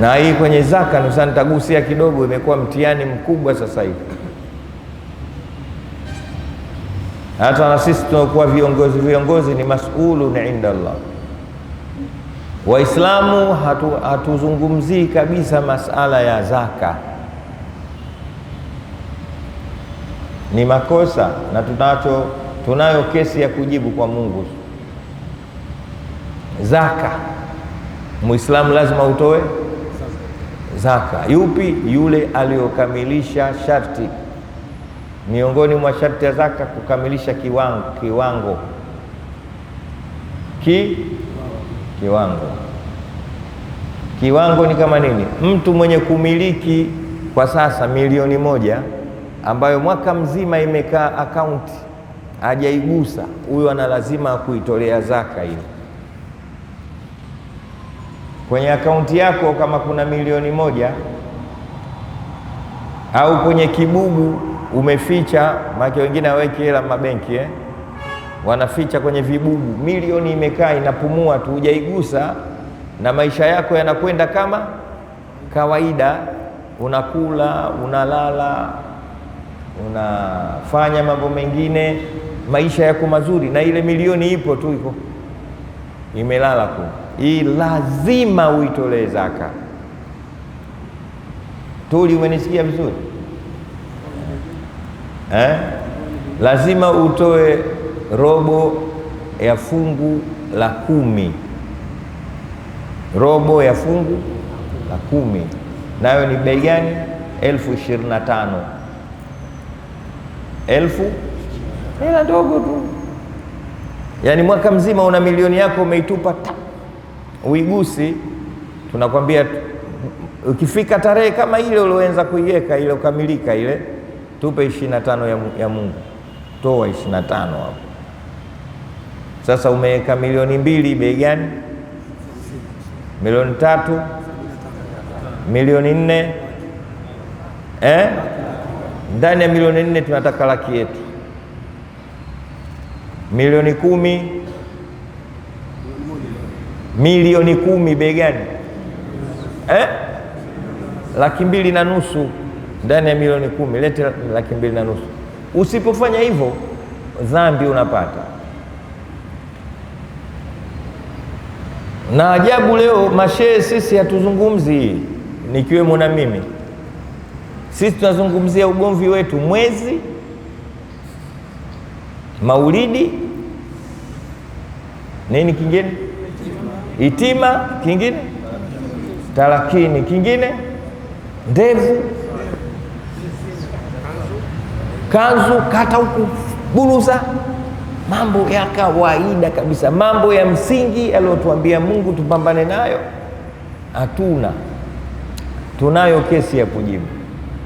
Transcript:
na hii kwenye zaka nusa kidogo, imekuwa mtihani mkubwa sasa hivi. Hata na sisi tunakuwa viongozi, viongozi ni masulun inda Allah. Waislamu hatuzungumzii hatu kabisa masala ya zaka, ni makosa na tunacho, tunayo kesi ya kujibu kwa Mungu. Zaka muislamu lazima utoe zaka. Yupi? Yule aliyokamilisha sharti. Miongoni mwa sharti ya zaka kukamilisha kiwango, kiwango ki kiwango. Kiwango ni kama nini? Mtu mwenye kumiliki kwa sasa milioni moja ambayo mwaka mzima imekaa akaunti hajaigusa, huyo ana lazima kuitolea zaka hiyo kwenye akaunti yako kama kuna milioni moja au kwenye kibubu umeficha, maana wengine haweki hela mabenki eh? wanaficha kwenye vibubu, milioni imekaa inapumua tu, hujaigusa na maisha yako yanakwenda kama kawaida, unakula, unalala, unafanya mambo mengine, maisha yako mazuri, na ile milioni ipo tu iko imelala ku hii, lazima uitolee zaka. Tuli, umenisikia vizuri eh? Lazima utoe robo ya fungu la kumi, robo ya fungu la kumi, nayo ni bei gani? elfu ishirini na tano elfu hela ndogo tu Yaani mwaka mzima una milioni yako umeitupa uigusi, tunakwambia ukifika tarehe kama ile ulioanza kuiweka ile ukamilika ile, tupe ishirini na tano ya, ya Mungu, toa ishirini na tano hapo. Sasa umeweka milioni mbili bei gani? Milioni tatu, milioni nne eh? Ndani ya milioni nne tunataka laki yetu milioni kumi milioni kumi bei gani eh? laki mbili na nusu ndani ya milioni kumi lete laki mbili na nusu. Usipofanya hivyo dhambi unapata. Na ajabu leo mashehe sisi hatuzungumzi, nikiwemo na mimi, sisi tunazungumzia ugomvi wetu mwezi maulidi, nini kingine, itima kingine, tarakini kingine, ndevu, kanzu, kata huku, buruza mambo ya kawaida kabisa, mambo ya msingi aliyotuambia Mungu tupambane nayo hatuna. Tunayo kesi ya kujibu.